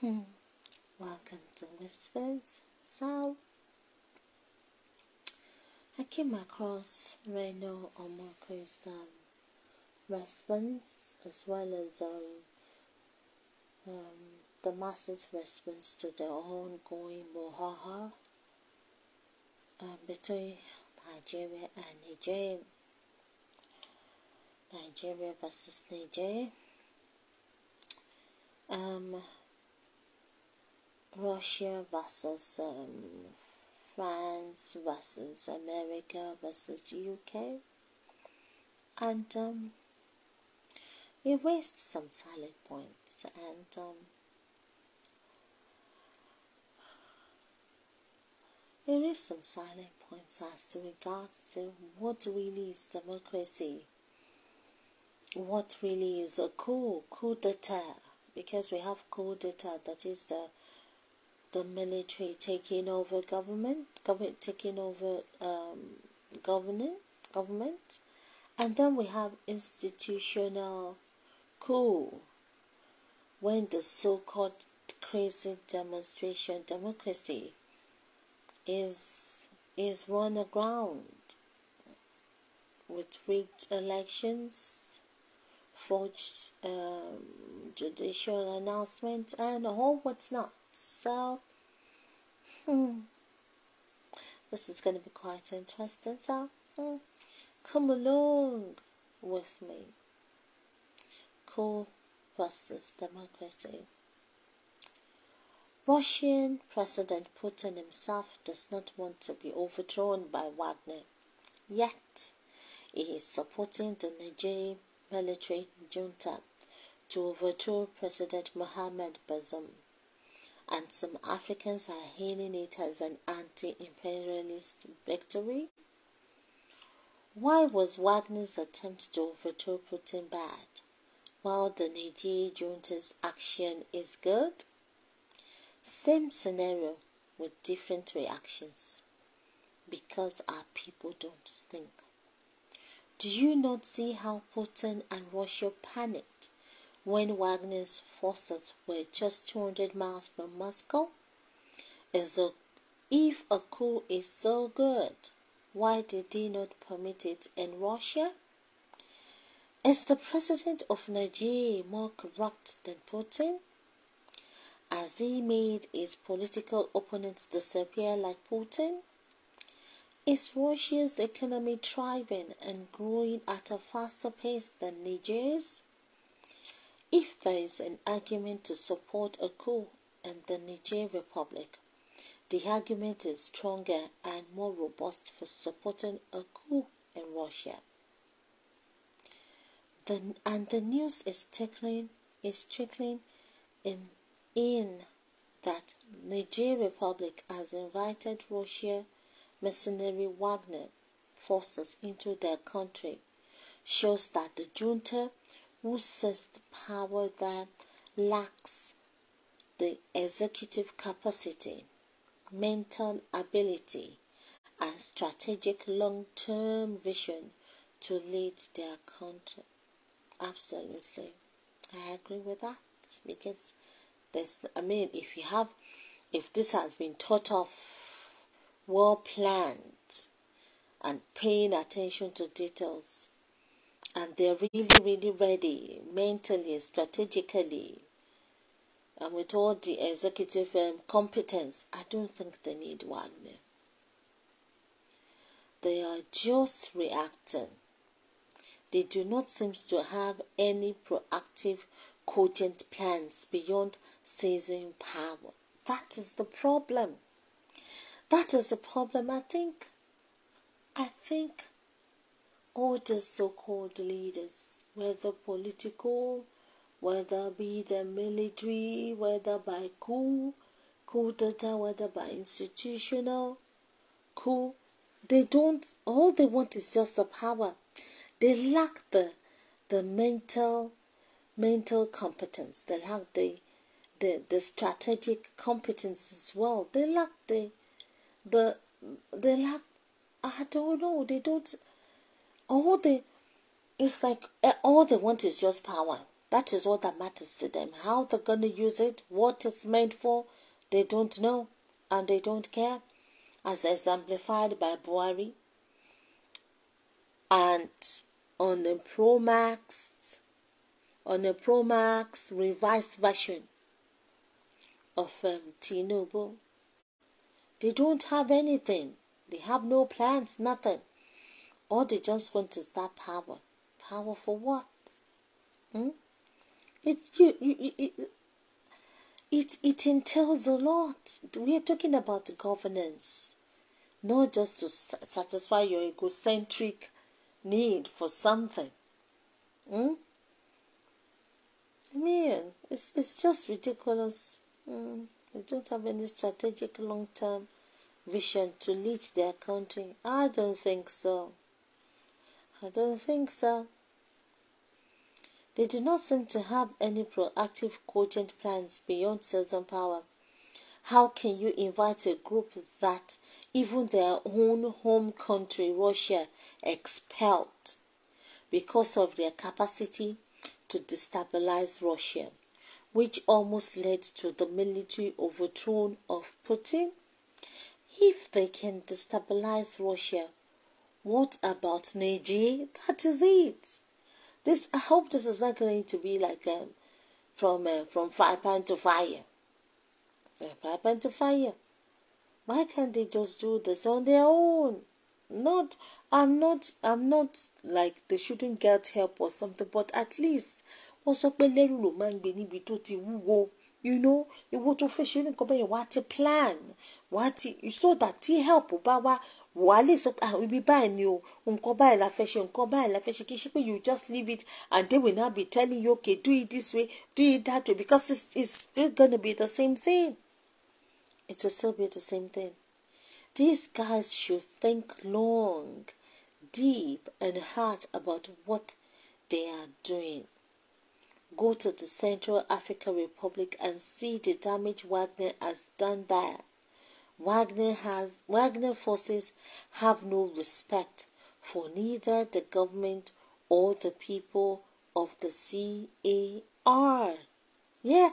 Hmm. Welcome to Whispers. So, I came across Reno Omakwe's um, response as well as um, um, the masses' response to the ongoing Mohaha um, between Nigeria and Niger, Nigeria versus Niger. Um, Russia versus um, France versus America versus UK, and um, it raised some silent points and. Um, there is some silent points as to regards to what really is democracy, what really is a coup, coup d'etat, because we have coup d'etat, that is the the military taking over government, government taking over um, government, government, and then we have institutional coup when the so-called crazy demonstration democracy is is run aground with rigged elections, forged um, judicial announcements, and all what's not. So Hmm. This is going to be quite interesting. So hmm, come along with me. Cool versus democracy. Russian President Putin himself does not want to be overthrown by Wagner, yet he is supporting the Nigerian military junta to overthrow President Mohamed Bazoum and some Africans are hailing it as an anti imperialist victory? Why was Wagner's attempt to overthrow Putin bad, while the Niger junta's action is good? Same scenario with different reactions because our people don't think. Do you not see how Putin and Russia panicked when Wagner's forces were just 200 miles from Moscow? as if a coup is so good, why did he not permit it in Russia? Is the president of Nigeria more corrupt than Putin? Has he made his political opponents disappear like Putin? Is Russia's economy thriving and growing at a faster pace than Nigeria's? If there is an argument to support a coup in the Niger Republic, the argument is stronger and more robust for supporting a coup in Russia. The, and the news is trickling is trickling in in that Niger Republic has invited Russia mercenary Wagner forces into their country shows that the junta possess the power that lacks the executive capacity, mental ability, and strategic long term vision to lead their country. Absolutely. I agree with that because there's, I mean, if you have, if this has been thought of, well planned, and paying attention to details, and they're really, really ready mentally, strategically, and with all the executive um, competence, I don't think they need one. They are just reacting. They do not seem to have any proactive, cogent plans beyond seizing power. That is the problem. That is the problem. I think. I think other so called leaders, whether political, whether be the military, whether by coup, coup d'etat, whether by institutional coup, they don't, all they want is just the power. They lack the, the mental, mental competence. They lack the, the, the strategic competence as well. They lack the, the, they lack, I don't know, they don't, all they it's like eh, all they want is just power that is what that matters to them how they're going to use it what it's meant for they don't know and they don't care as exemplified by buhari and on the pro max on the pro max revised version of um, Tinobu. They don't have anything. They have no plans, nothing. All they just want is that power. Power for what? Hmm? It's you, you, you it, it it entails a lot. We are talking about governance, not just to satisfy your egocentric need for something. Hmm? I mean, it's it's just ridiculous. Hmm. they don't have any strategic long term vision to lead their country. I don't think so. I don't think so. They do not seem to have any proactive, cogent plans beyond certain power. How can you invite a group that even their own home country, Russia, expelled because of their capacity to destabilize Russia, which almost led to the military overthrow of Putin? If they can destabilize Russia, what about Neji? That is it. This I hope this is not going to be like um, from uh, from fire pan to fire. Yeah, fire pan to fire. Why can't they just do this on their own? Not I'm not I'm not like they shouldn't get help or something, but at least wọ́n up pé lẹ́rù ló man, ń gbé tó ti you know ìwọ tó a ṣe nǹkan bẹ́ẹ̀ wá ti plan What ti so that he help bá wàá will sọ ah, buying you. báyìí ni o nǹkan báyìí la fẹ́ ṣe nǹkan báyìí la fẹ́ ṣe you just leave it and they will now be telling you okay do it this way do it that way because it's, it's still gonna be the same thing it will still be the same thing these guys should think long deep and hard about what they are doing go to the Central African Republic and see the damage Wagner has done there. Wagner, has, Wagner forces have no respect for neither the government or the people of the CAR. Yeah.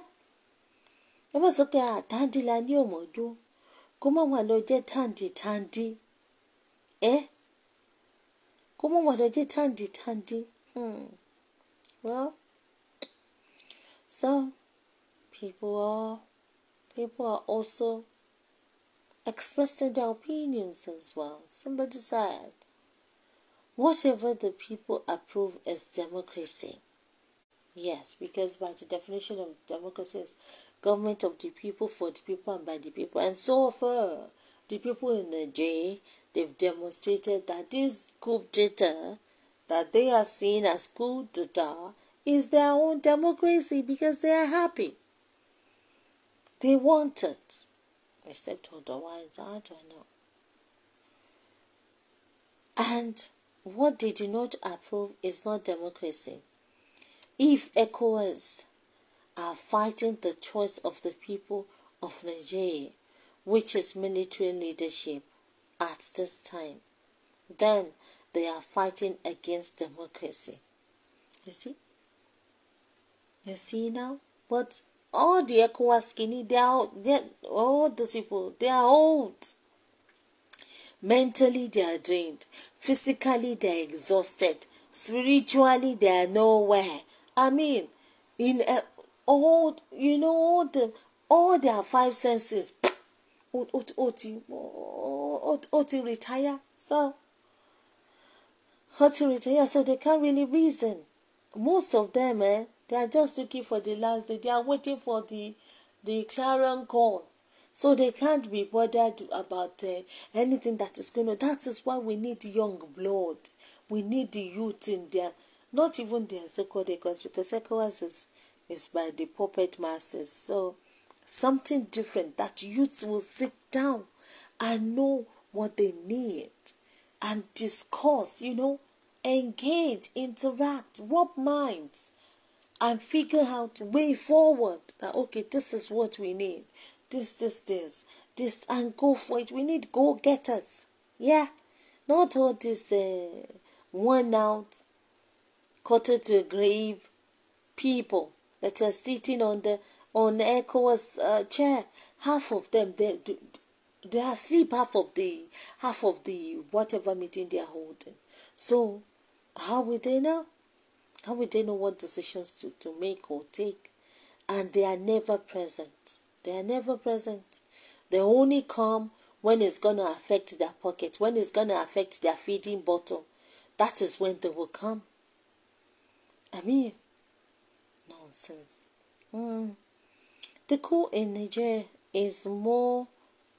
ẹ mọ̀ sọ pé àtàndí ah, la ní òmòdó kó mọ̀ wà lọ jẹ́ tàǹdìtàǹdì ẹ́ kó mọ̀ wà lọ jẹ́ tàǹdìtàǹdì. Hmm. Well, some people are people are also expressing their opinions as well. Somebody said, whatever the people approve is democracy. Yes, because by the definition of democracy is government of the people, for the people, and by the people. And so far, the people in Nigeria, they've demonstrated that this coup d'état, that they are seen as coup d'état, is their own democracy because they are happy. They want it. Except otherwise, I do or not? And what they do not approve is not democracy. If ECOWAS are fighting the choice of the people of Nigeria, which is military leadership at this time, then they are fighting against democracy. You see? You see now what all the are skinny, they are, they are, all those people, they are old. Mentally, they are drained. Physically, they are exhausted. Spiritually, they are nowhere. I mean, in uh, all, you know, all, the, all their five senses. to retire. So, to retire. So they can't really reason. Most of them, eh? They are just looking for the last day. They are waiting for the, the clarion call. So they can't be bothered about uh, anything that is going on. That is why we need young blood. We need the youth in there. Not even the so-called ECOWAS because ECOWAS is, is by the puppet masses. So something different that youths will sit down and know what they need and discuss, you know, engage, interact, rub minds and figure out way forward that okay, this is what we need. This, this, this, this, and go for it. We need go getters. Yeah. Not all this uh, worn out, quarter to a grave people that are sitting on the on ECOWAS uh, chair. Half of them they, they they are asleep half of the half of the whatever meeting they are holding. So how will they know? How do they know what decisions to, to make or take? And they are never present. They are never present. They only come when it's going to affect their pocket, when it's going to affect their feeding bottle. That is when they will come. I mean, nonsense. Mm. The coup in Niger is more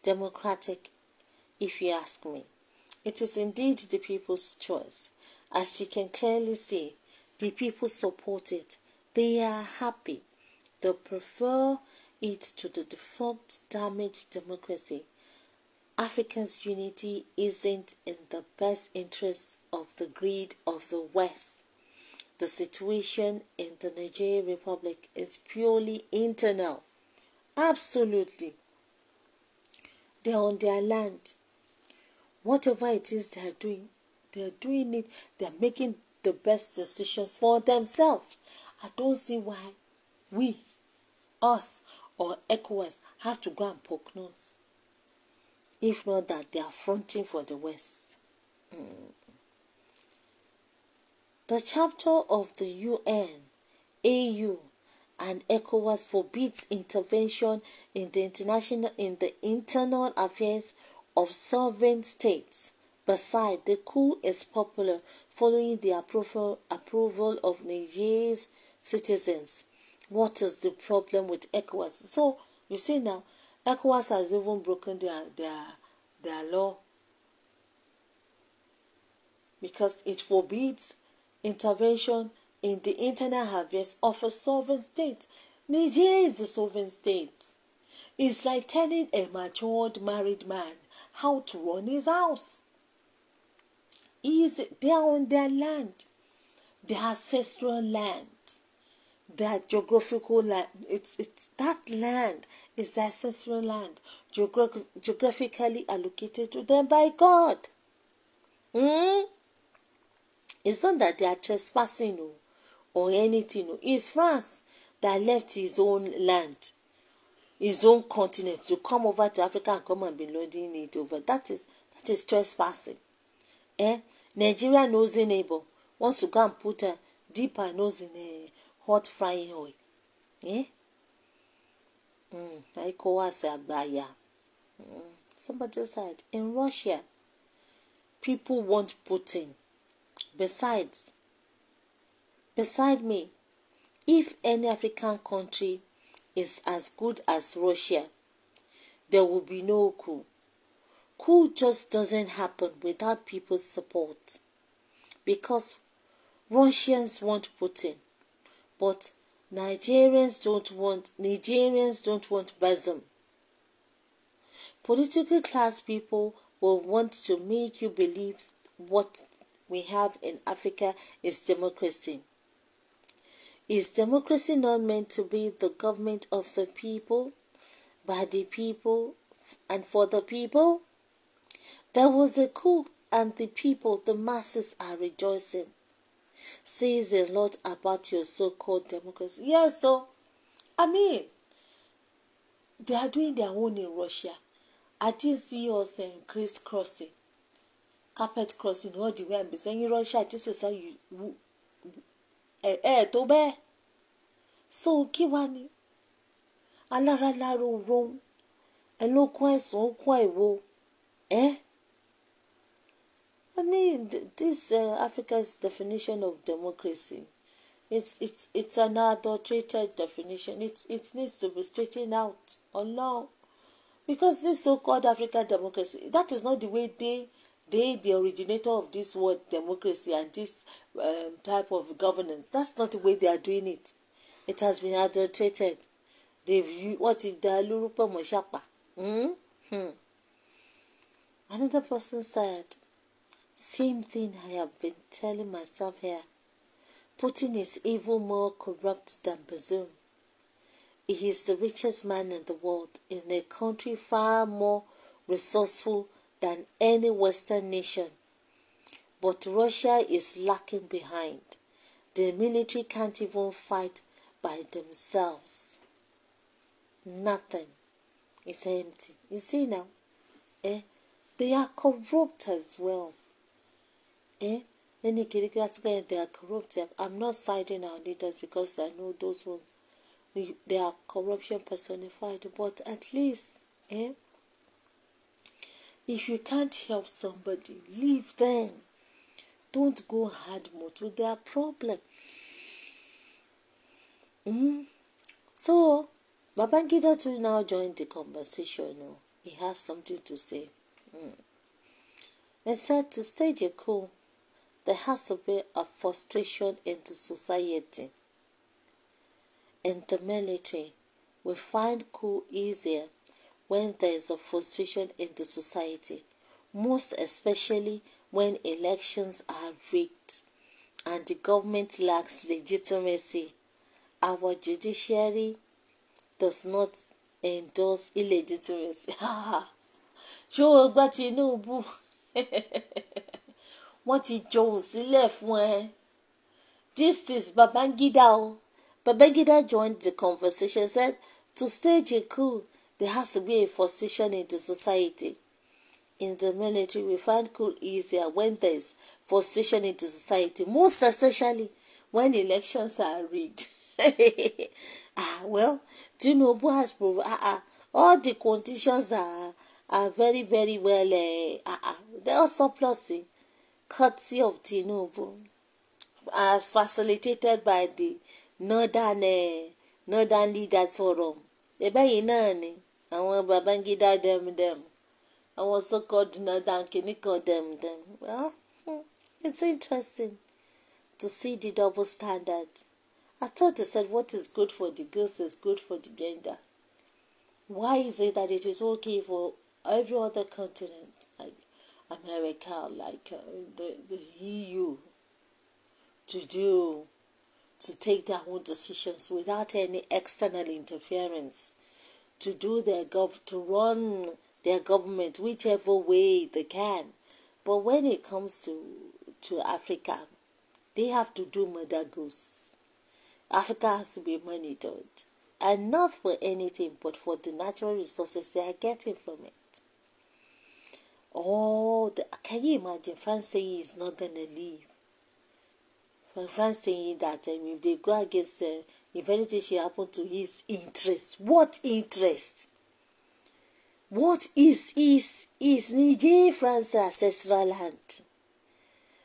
democratic, if you ask me. It is indeed the people's choice, as you can clearly see the people support it. They are happy. They prefer it to the deformed, damaged democracy. Africa's unity isn't in the best interest of the greed of the West. The situation in the Nigerian Republic is purely internal. Absolutely. They're on their land. Whatever it is they're doing, they're doing it, they're making the best decisions for themselves. I don't see why we, us, or ECOWAS have to go and poke nose. If not that they are fronting for the West. Mm. The chapter of the UN, AU, and ECOWAS forbids intervention in the international in the internal affairs of sovereign states Besides, the coup is popular following the approval, approval of Niger's citizens. What is the problem with ECOWAS? So, you see now, ECOWAS has even broken their, their, their law because it forbids intervention in the internal affairs of a sovereign state. Nigeria is a sovereign state. It's like telling a matured married man how to run his house is they are on their land, their ancestral land, their geographical land. It's, it's that land is ancestral land, geogra- geographically allocated to them by God. Hmm? It's not that they are trespassing oh, or anything. Oh. It's France that left his own land, his own continent to come over to Africa and come and be loading it over. That is that is trespassing eh, Nigeria knows a neighbor wants to go and put a deeper nose in a hot frying oil. Eh? Mm, ECOWAS àgbáyà. Mm, somebody said in Russia, people want Putin. Besides, beside me, if any African country is as good as Russia, there will be no coup cool just doesn't happen without people's support because Russians want Putin, but Nigerians don't want Nigerians don't want Bazoum. Political class people will want to make you believe what we have in Africa is democracy. Is democracy not meant to be the government of the people, by the people, and for the people? There was a coup, and the people, the masses, are rejoicing. Says a lot about your so called democracy. Yes, so, I mean, they are doing their own in Russia. I didn't see us in crossing, carpet crossing all the way and be saying, Russia, this is how you. Eh, eh, tó bẹ́ẹ̀ so kí wá ni alára lára òun ẹ ló kún ẹ̀sùn ó Eh? ní this uh, Africa's definition of democracy it's it's it's an adulterated definition it it needs to be straightened out or no because this so-called African democracy that is not the way they they the originator of this word democracy and this um, type of governance that's not the way they are doing it it has been adulterated they've wọ́n ti da lórúkọ mọ́ ṣàpà hmm? Hmm. another person said Same thing I have been telling myself here. Putin is even more corrupt than presumed. He is the richest man in the world in a country far more resourceful than any Western nation. But Russia is lacking behind. The military can't even fight by themselves. Nothing is empty. You see now, eh? they are corrupt as well. Eh? Any them. they are corrupt. I'm not siding our leaders because I know those ones, we, they are corruption personified. But at least, eh? If you can't help somebody, leave them. Don't go hard mode with their problem. Mm. So, Babangida to now join the conversation. Oh. He has something to say. Mm. And said to stay cool. There has to be a frustration into society. In the military, we find coup easier when there is a frustration in the society, most especially when elections are rigged and the government lacks legitimacy. Our judiciary does not endorse illegitimacy. ṣé o gbọ́ boo. wọ́n ti johun sílẹ̀ fún ẹ. This is Babangida o. Babangida joined the conversation said to stage a coup there has to be a frustration in the society. In the military we find coup easier when there is frustration in the society most especially when elections are rigged. ah well Tinubu has proved ah ah all the conditions are are very very well eh ah ah there are surplusing courtesy of Tinubu, as facilitated by the Northern, uh, Northern Leaders Forum. Ẹ̀bẹ̀ I náà ni àwọn Babangida I awon àwọn so-called Northern Kìnìkan dẹ́mdẹ́m. Well, hmm, it's interesting to see the double standard. I thought they said what is good for the girls is good for the gender. Why is it that it is okay for every other continent America, like uh, the, the EU, to do, to take their own decisions without any external interference, to do their gov, to run their government whichever way they can. But when it comes to to Africa, they have to do miracles. Africa has to be monitored, and not for anything but for the natural resources they are getting from it. All oh, the, can you imagine France saying he's not going to leave? When France saying that um, if they go against, uh, if anything should happen to his interest, what interest? What is is is Niger France's ancestral land?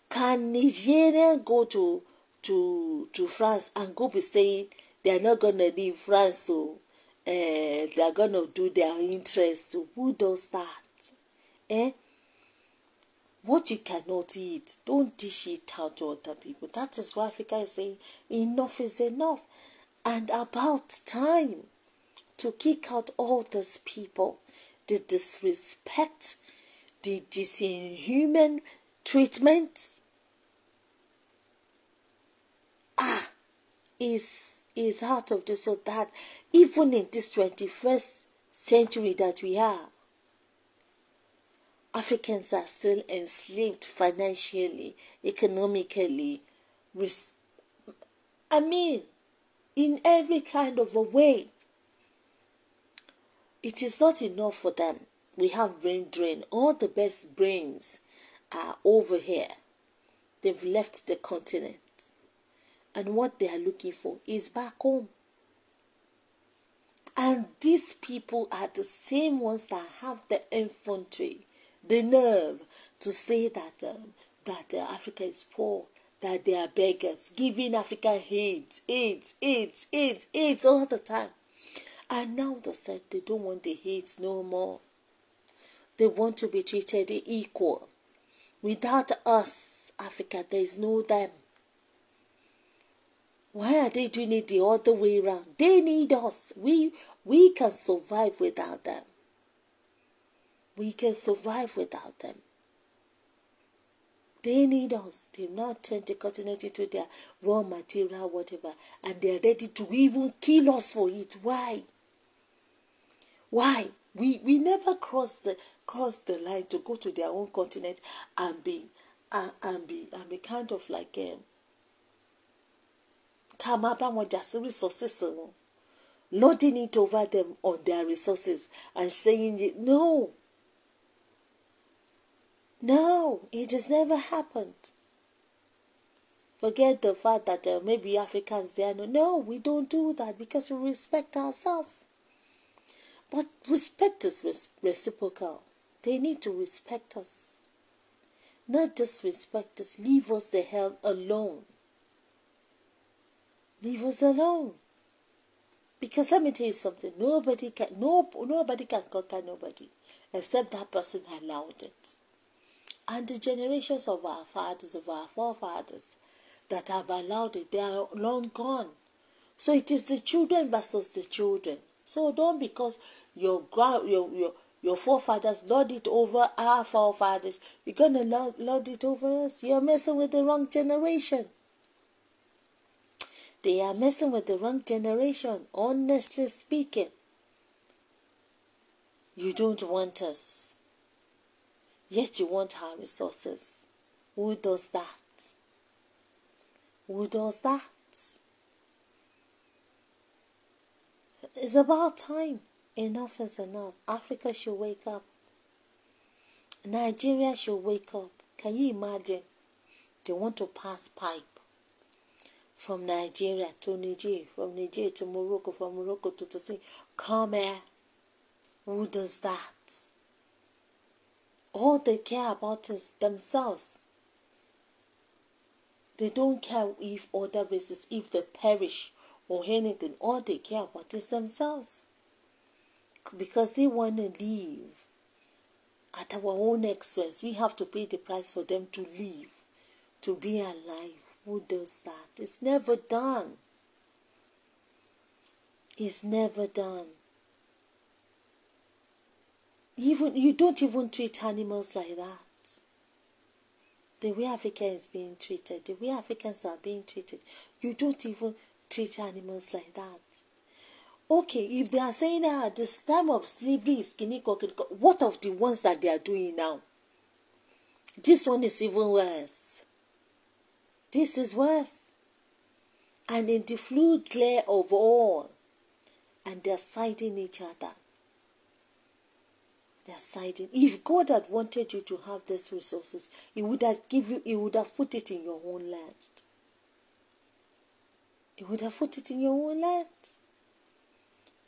Can Nigerians go to to to France and go be saying they are not gonna leave France, so uh, eh, they are gonna do their interest? So who does that? Eh? What you cannot eat, don't dish it out to other people. That is why Africa is saying enough is enough. And about time to kick out all these people, the disrespect, the disinhuman treatment. Ah, is is out of this or that. Even in this 21st century that we are, Africans are still enslaved financially, economically. I mean, in every kind of a way. It is not enough for them. We have brain drain. All the best brains are over here. They've left the continent. And what they are looking for is back home. And these people are the same ones that have the infantry the nerve to say that um, that uh, Africa is poor, that they are beggars, giving Africa hate, hate, hate, hate, hate all the time. And now they said they don't want the hate no more. They want to be treated equal. Without us, Africa, there is no them. Why are they doing it the other way around? They need us. We we can survive without them. We can survive without them. They need us. They've not turned the continent into their raw material, whatever, and they're ready to even kill us for it. Why? Why? We we never cross the cross the line to go to their own continent and be and, and be and be kind of like um come up and wọn jà resources uh, loading it over them on their resources and saying no no, it has never happened. Forget the fact that uh, maybe Africans there no, no, we don't do that because we respect ourselves. But respect is reciprocal. They need to respect us. Not disrespect us, leave us the hell alone. Leave us alone. Because let me tell you something, nobody can no nobody can conquer nobody except that person allowed it and the generations of our fathers, of our forefathers that have allowed it, they are long gone. So it is the children versus the children. So don't because your grand your your your forefathers lord it over our forefathers, you're gonna lord, lord it over us. You're messing with the wrong generation. They are messing with the wrong generation, honestly speaking. You don't want us. Yet you want our resources. Who does that? Who does that? It's about time. Enough is enough. Africa should wake up. Nigeria should wake up. Can you imagine? They want to pass pipe from Nigeria to Niger, from Niger to Morocco, from Morocco to Tosin. Come here. Who does that? all they care about is themselves. They don't care if other races, if they perish or anything, all they care about is themselves. Because they want to live at our own expense. We have to pay the price for them to live, to be alive. Who does that? It's never done. It's never done even you don't even treat animals like that. The way Africa is being treated, the way Africans are being treated, you don't even treat animals like that. Okay, if they are saying that ah, this time of slavery is kinikokiniko, what of the ones that they are doing now? This one is even worse. This is worse. And in the full glare of all, and they're siding each other. They are siding. If God had wanted you to have these resources, He would have give you, He would have put it in your own land. He would have put it in your own land.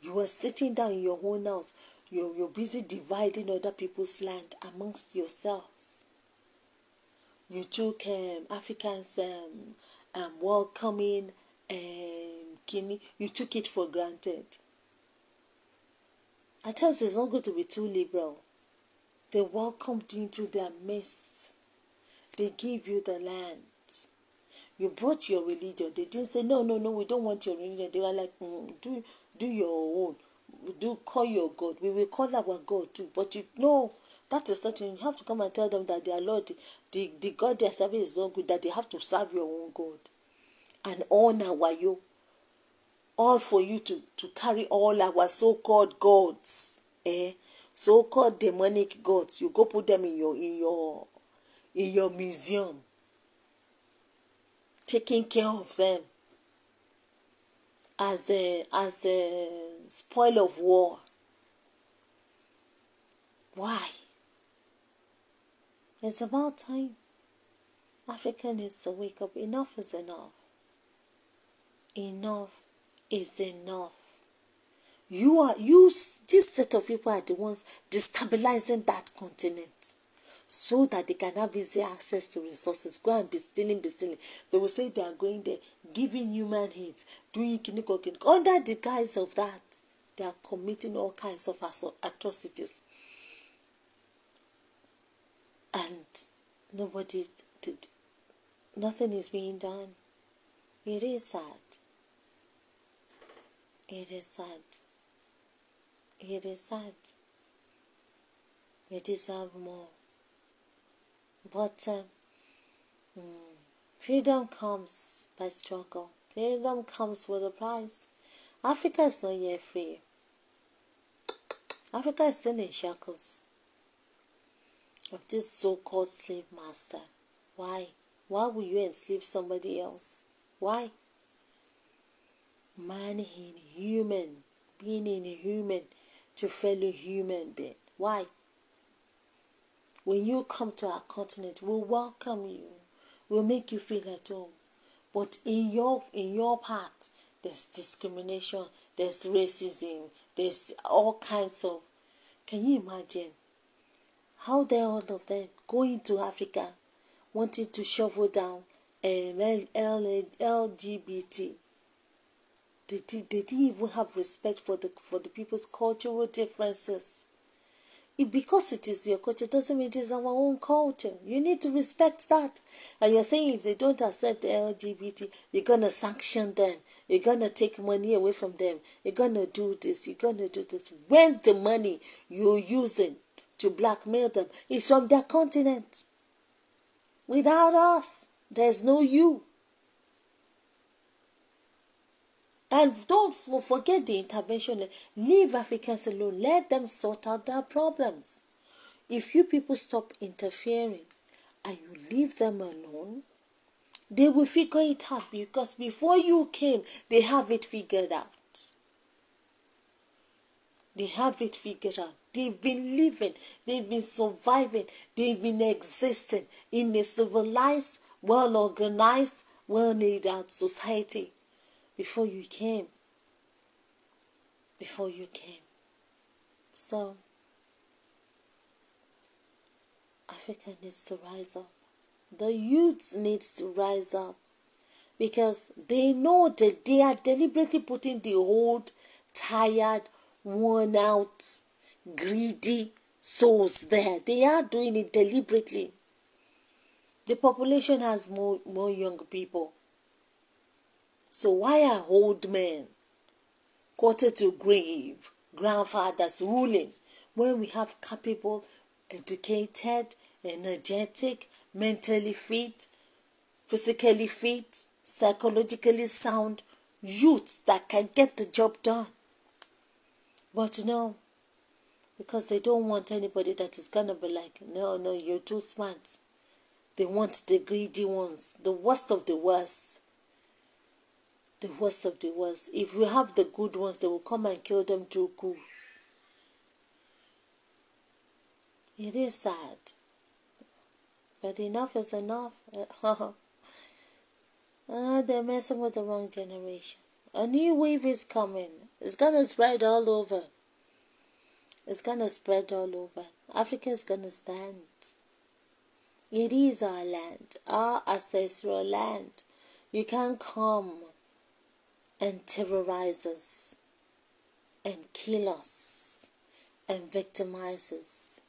You are sitting down in your own house. You're, you're busy dividing other people's land amongst yourselves. You took um, Africans um, um, welcoming um, Guinea. You took it for granted. At times, it's not good to be too liberal. They welcomed you into their midst. They gave you the land. You brought your religion. They didn't say, no, no, no, we don't want your religion. They were like, mm, do, do your own. Do call your God. We will call our God too. But you know, that is certain. You have to come and tell them that their Lord, the, the God they are serving is not good, that they have to serve your own God and honor you all for you to, to carry all our so called gods, eh? So called demonic gods. You go put them in your in your in your museum. Taking care of them as a as a spoil of war. Why? It's about time Africa needs to wake up. Enough is enough. Enough is enough. You are you this set of people are the ones destabilizing that continent so that they can have easy access to resources. Go and be stealing, be stealing. They will say they are going there, giving human hate, doing kiniko kiniko. Under the guise of that, they are committing all kinds of atrocities. And nobody's, nothing is being done. It is sad. It is sad. It is sad. You deserve more. But uh, mm, freedom comes by struggle. Freedom comes with a price. Africa is not yet free. Africa is still in shackles of this so-called slave master. Why? Why would you enslave somebody else? Why? man in human, being in human to fellow human being. Why? When you come to our continent, we'll welcome you. We'll make you feel at home. But in your in your part, there's discrimination, there's racism, there's all kinds of can you imagine? How dare all of them going to Africa wanting to shovel down um, eh, LGBT they, did, they didn't even have respect for the for the people's cultural differences. It, because it is your culture doesn't mean it is our own culture. You need to respect that. And you're saying if they don't accept the LGBT, you're gonna sanction them. You're gonna take money away from them. You're gonna do this. You're gonna do this. When the money you're using to blackmail them is from their continent. Without us, there's no you. And don't forget the intervention. Leave Africans alone. Let them sort out their problems. If you people stop interfering and you leave them alone, they will figure it out because before you came, they have it figured out. They have it figured out. They've been living, they've been surviving, they've been existing in a civilized, well organized, well laid out society before you came. Before you came. So, Africa needs to rise up. The youth needs to rise up because they know that they are deliberately putting the old, tired, worn out, greedy souls there. They are doing it deliberately. The population has more, more young people so why are old men quartered to grave grandfathers ruling when we have capable, educated, energetic, mentally fit, physically fit, psychologically sound youths that can get the job done? But no, because they don't want anybody that is gonna be like, no, no, you're too smart. They want the greedy ones, the worst of the worst the worst of the worst. If we have the good ones, they will come and kill them too. good. It is sad. But enough is enough. ah, they're messing with the wrong generation. A new wave is coming. It's gonna spread all over. It's gonna spread all over. Africa is gonna stand. It is our land, our ancestral land. You can't come and terrorize us and kill us and victimize us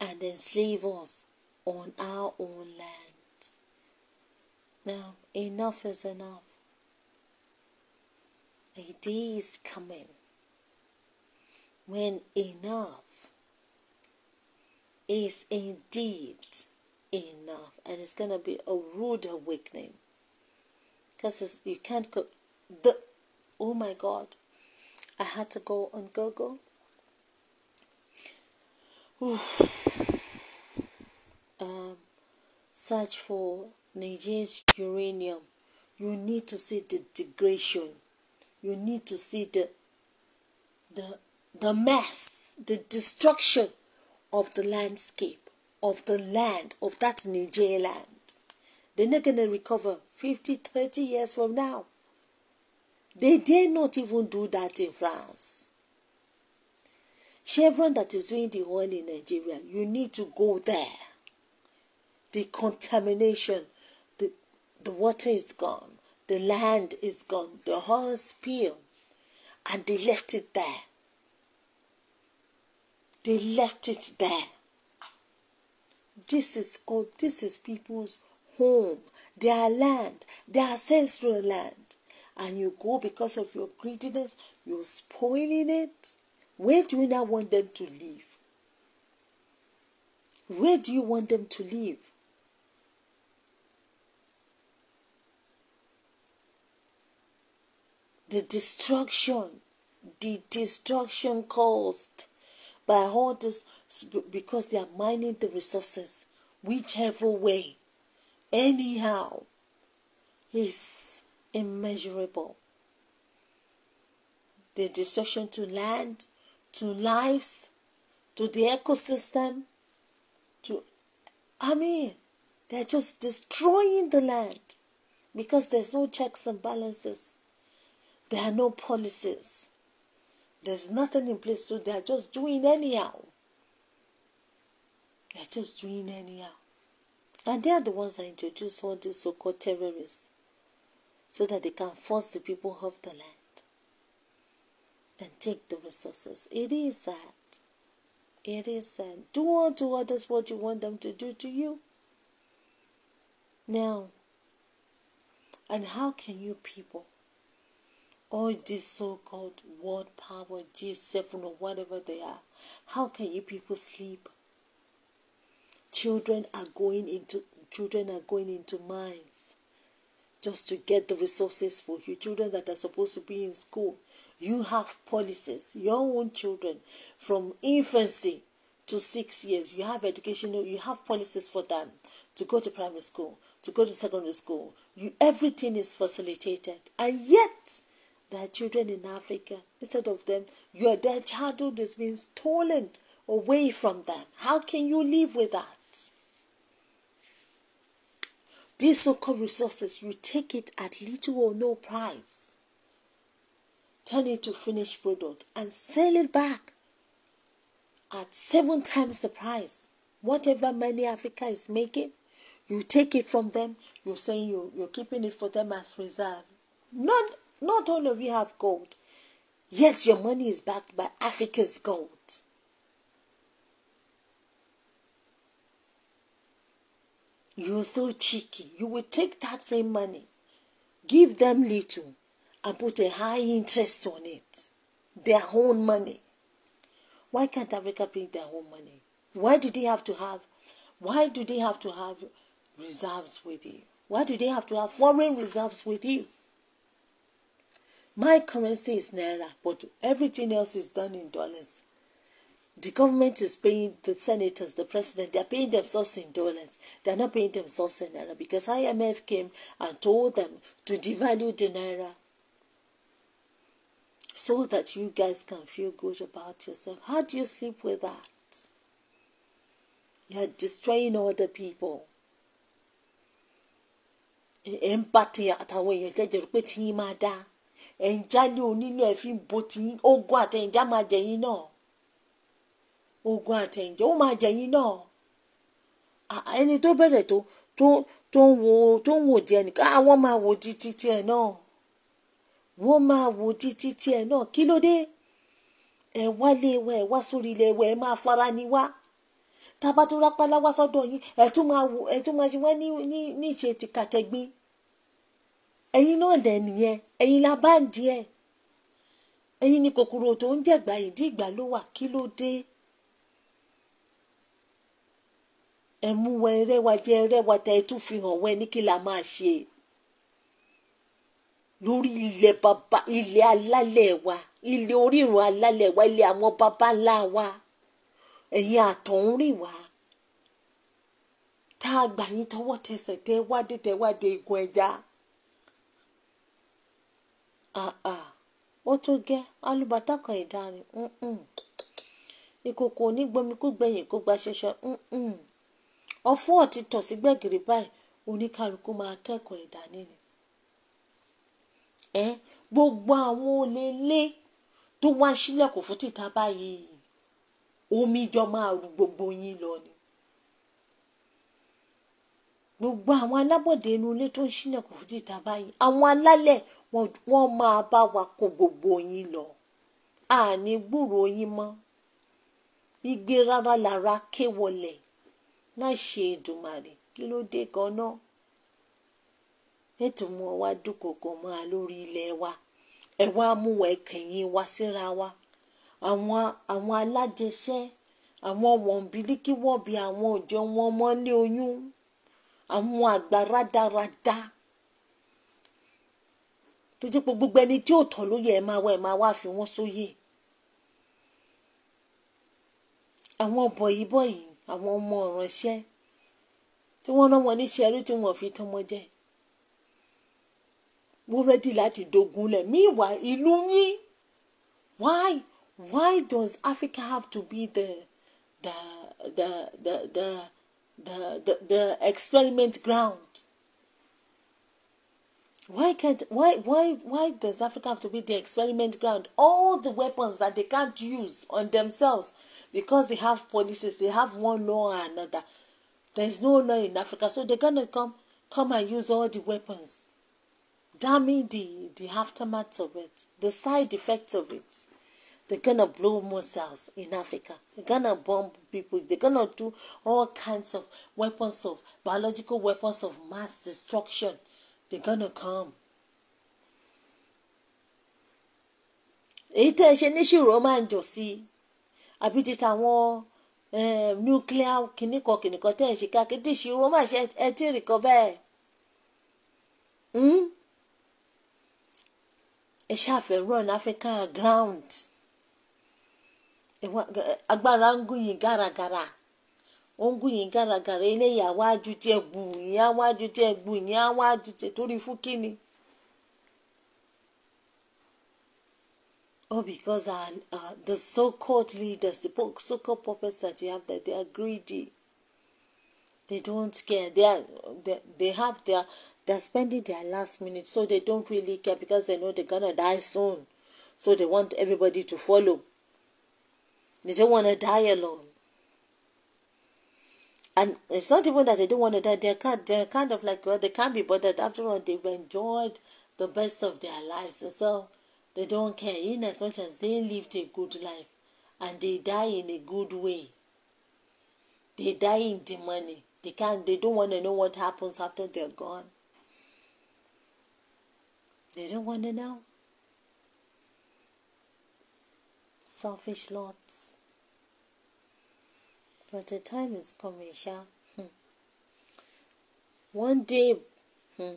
and enslave us on our own land. Now, enough is enough. A day is coming when enough is indeed enough, and it's going to be a rude awakening because you can't the oh my god i had to go on google um, search for nigeria's uranium you need to see the degradation you need to see the the the mess the destruction of the landscape of the land of that niger land they're not going to recover 50 30 years from now they dare not even do that in France. Chevron that is doing the oil in Nigeria, you need to go there. The contamination, the, the water is gone, the land is gone, the whole spill, and they left it there. They left it there. This is all. This is people's home, their land, their ancestral land and you go because of your greediness, you're spoiling it. Where do you now want them to live? Where do you want them to live? The destruction, the destruction caused by all this because they are mining the resources, whichever way, anyhow, is immeasurable. The destruction to land, to lives, to the ecosystem, to I mean, they're just destroying the land because there's no checks and balances. There are no policies. There's nothing in place, so they're just doing anyhow. They're just doing anyhow. And they are the ones that introduced all these so called terrorists so that they can force the people of the land and take the resources. It is sad. It is sad. Do unto others what you want them to do to you. Now, and how can you people, all oh, this so called world power, G7 or whatever they are, how can you people sleep? Children are going into children are going into mines just to get the resources for your children that are supposed to be in school. You have policies, your own children from infancy to six years. You have educational, you have policies for them to go to primary school, to go to secondary school. You everything is facilitated, and yet there are children in Africa. Instead of them, your their childhood is being stolen away from them. How can you live with that? These so called resources, you take it at little or no price, turn it to finished product, and sell it back at seven times the price. Whatever money Africa is making, you take it from them, you're saying you, you're keeping it for them as reserve. Not, not all of you have gold, yet your money is backed by Africa's gold. You're so cheeky. You will take that same money, give them little, and put a high interest on it. Their own money. Why can't Africa bring their own money? Why do they have to have why do they have to have reserves with you? Why do they have to have foreign reserves with you? My currency is naira, but everything else is done in dollars. the government is paying the senators, the president, they're paying themselves in dollars. They're not paying themselves in naira because IMF came and told them to devalue the naira so that you guys can feel good about yourself. How do you sleep with that? You're destroying other people. Empathy àtàwọn èèyàn jẹjẹrọ pé tí yín máa dá ẹ̀ ń jálé onílé ẹ̀ fi ń bo tí yín ogun àtẹ̀yìnjá máa jẹ̀yìn oògùn àtẹ̀yìnjẹ ó máa jẹ̀yìn náà ẹni tó bẹ̀rẹ̀ tó tó ń wo tó ń wò di ẹnìkan àwọn máa wo di títí ẹ náà wọ́n máa wò di títí ẹ náà kí ló dé ẹ wálé wa ẹ wá sórí ilẹ̀ wa ẹ máa fara ni wá tába tó rápálá wá sọ́dọ̀ yín ẹ tún máa wò ẹ tún máa ṣe wá ní ní ní ìṣe ti kàtẹ́gbín ẹ̀yin náà dẹ̀ nìyẹn ẹ̀yin la bá ń di ẹ̀yin ni kòkòrò tó ń jẹ̀gbà yìí dí ìgbà ló wà kí ló dé. ẹ mú wa ẹrẹ wa jẹ ẹrẹ wa ta ẹ tún fi hàn wá ní kí la máa ṣe lórí ilẹ̀ baba ilẹ̀ alálẹ̀ wa ilẹ̀ orírun alálẹ̀ wa ilẹ̀ àwọn baba ńlá wa ẹ̀yin àtọ̀hún rìn wá tá a gbà yín tọwọ́ tẹsẹ̀ tẹ wádé tẹ wádé igun ẹja ó tó gẹ́ alùbátà kan ìdarí ìkòkò onígbomi kó gbẹ̀yìn kó gba ṣẹṣẹ ọ̀fọ̀ ti tọ̀ sí gbẹ̀gìrì báyìí oníkálukú máa kẹ́kọ̀ọ́ ìdání ni. ẹ gbogbo àwọn olè lé tó wá sílẹ̀kùn fún tìta báyìí omi jọ máa ru gbogbo yín lọ ni. gbogbo àwọn alábọ̀dé inú ilé tó ń sílẹ̀kùn fún tìta báyìí àwọn alálẹ̀ wọ́n máa bá wa kó gbogbo yín lọ àní gbúròó yín mọ́ igbe rárá lára ké wọlẹ̀ má ṣe Èdùmàrè kí ló dé ganan ètò mọ wá dúnkokò máa lórí ilẹ̀ wa ẹ wá mú wa ẹkẹyìn wa síra wa àwọn àwọn alájẹṣẹ àwọn wọ̀nbílíkì wọ̀bí àwọn òjò wọn mọ́lé oyún àwọn àgbà rádaràda tó jẹ́ pé gbogbo ẹni tí ò tọ́ lóye ẹ̀ máa wá ẹ̀ máa wá fi wọ́n sóyè àwọn bọ̀yìí bọ̀yìí àwọn ọmọ ìránṣẹ́ tí wọ́n rán wọn níṣẹ́ ẹrú tí wọ́n fi tán wọn jẹ wọ́n rẹ́dí láti dogun lẹ̀ meanwhile ìlú yín why why does Africa have to be the the the the the the the, the experiment ground? Why can't why why why does Africa have to be the experiment ground? All the weapons that they can't use on themselves because they have policies, they have one law or another. There is no law in Africa, so they're gonna come come and use all the weapons, Damn the the aftermath of it, the side effects of it. They're gonna blow more cells in Africa. They're gonna bomb people. They're gonna do all kinds of weapons of biological weapons of mass destruction They're gonna come. èyí tẹ́ ẹ ṣe níṣirò máa ń jọ sí àbí ti tàwọn eh, nuclear kìnnìkan kìnnìkan tẹ́ ẹ ṣe ká kéde ìṣirò máa ṣe ẹ tí ì nìkan bẹ́ẹ̀. Hmm? ẹ ṣàfẹ́ run Africa ground agbára ń gùn yín gàràgàrà. yìí gàràgàrà torí fún kíni. Oh, because our, uh, the so-called leaders, the so-called prophets that you have there, they are greedy. They don't care. They are they, they have their they're spending their last minute, so they don't really care because they know they're gonna die soon. So they want everybody to follow. They don't wanna die alone and it's not even that they don't want to die. They're kind, they're kind of like well, they can't be bothered. After all, they've enjoyed the best of their lives, and so they don't care. In as much as they lived a good life, and they die in a good way, they die in the money. They can't. They don't want to know what happens after they're gone. They don't want to know. Selfish lots. But the time is coming, Sha. Hmm. One day, hmm.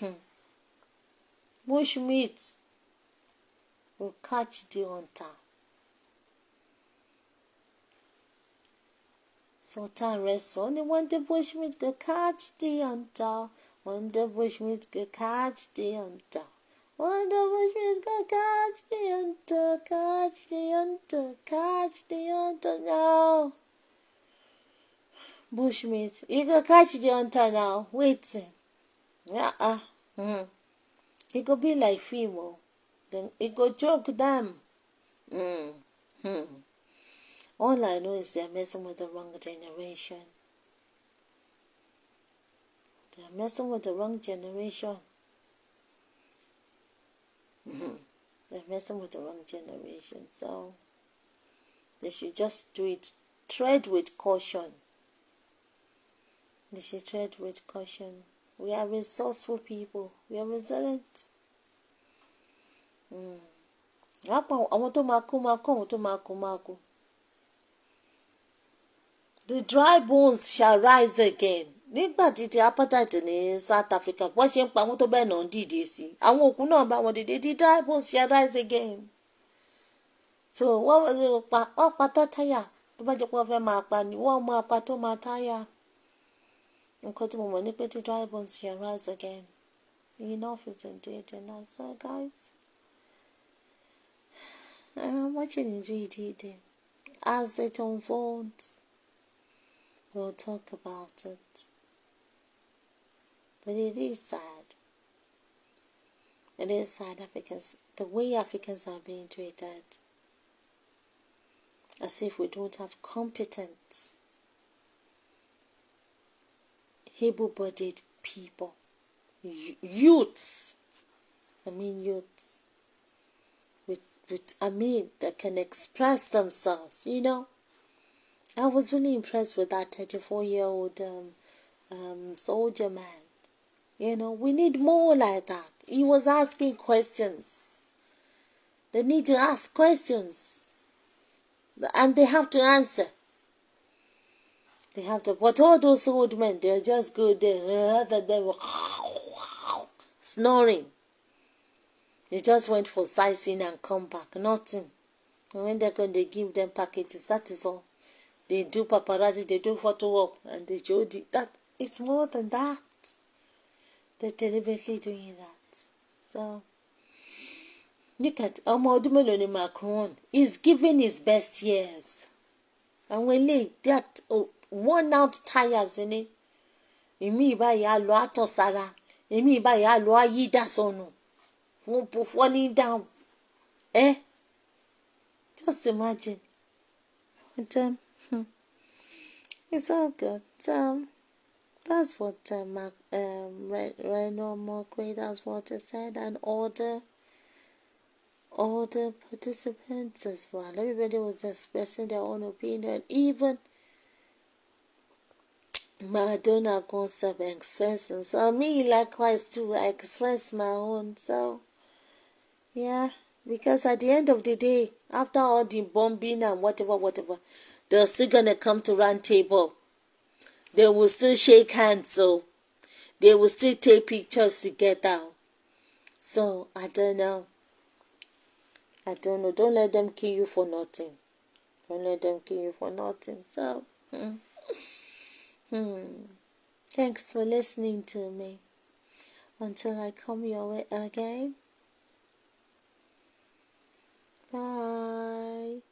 Hmm. meat will catch the hunter. Sultan rests only when the bushmeat will catch the hunter. When the bushmeat will catch the hunter. Wonderful catch the hunter, catch the hunter, catch the hunter now. Bushmeat, you go catch the hunter now. Wait. Yeah. Uh, mm. He go be like Fimo. Oh. Then he go choke them. Mm. Hmm. All I know is they're messing with the wrong generation. They're messing with the wrong generation. Mm-hmm. They're messing with the wrong generation. So they should just do it. Tread with caution. They should tread with caution. We are resourceful people. We are resilient. The dry bones shall rise again. nígbà tí ti apartheid ní South Africa wọ́n ṣe ń pa wọn tó bẹ́ẹ̀ náà ń dìde sí i àwọn òkú náà bá wọn dìde dídá bó ṣe rise again so wọ́n pa wọ́n pa tó táyà tó bá jẹ́ pé wọ́n fẹ́ máa pa ni wọ́n mú apá tó máa táyà nǹkan tí mo mọ̀ ní pé tí dry bones ṣe rise again enough is indeed enough so guys I'm watching it really deep as it unfolds we'll talk about it. But it is sad. It is sad Africans, the way Africans are being treated. As if we don't have competent, able bodied people, youths. I mean, youths. With, with, I mean, that can express themselves, you know. I was really impressed with that 34 year old um, um, soldier man you know, we need more like that. He was asking questions. They need to ask questions. And they have to answer. They have to. But all those old men, they're just good. They they were snoring. They just went for sightseeing and come back. Nothing. And when they're going, they give them packages. That is all. They do paparazzi, they do photo op, and they show the, that. It's more than that. they're deliberately doing that. So look at ọmọ ọdún Macron is giving his best years and when eléyìí that oh, worn out tires in it, Emi ìbáyìí ya lo ato sara, Emi ìbáyìí ya lo ayé dà sọnù fún falling down eh just imagine and um, hmm, it's all good um, That's what uh, Mac, um, Reno that's what it said, and all the, all the participants as well. Everybody was expressing their own opinion. Even Madonna concept expressing. So me likewise too, I express my own. So, yeah, because at the end of the day, after all the bombing and whatever, whatever, they're still gonna come to round table they will still shake hands, so oh. They will still take pictures together. So, I don't know. I don't know. Don't let them kill you for nothing. Don't let them kill you for nothing. So, hmm. hmm. Thanks for listening to me. Until I come your way again. Bye.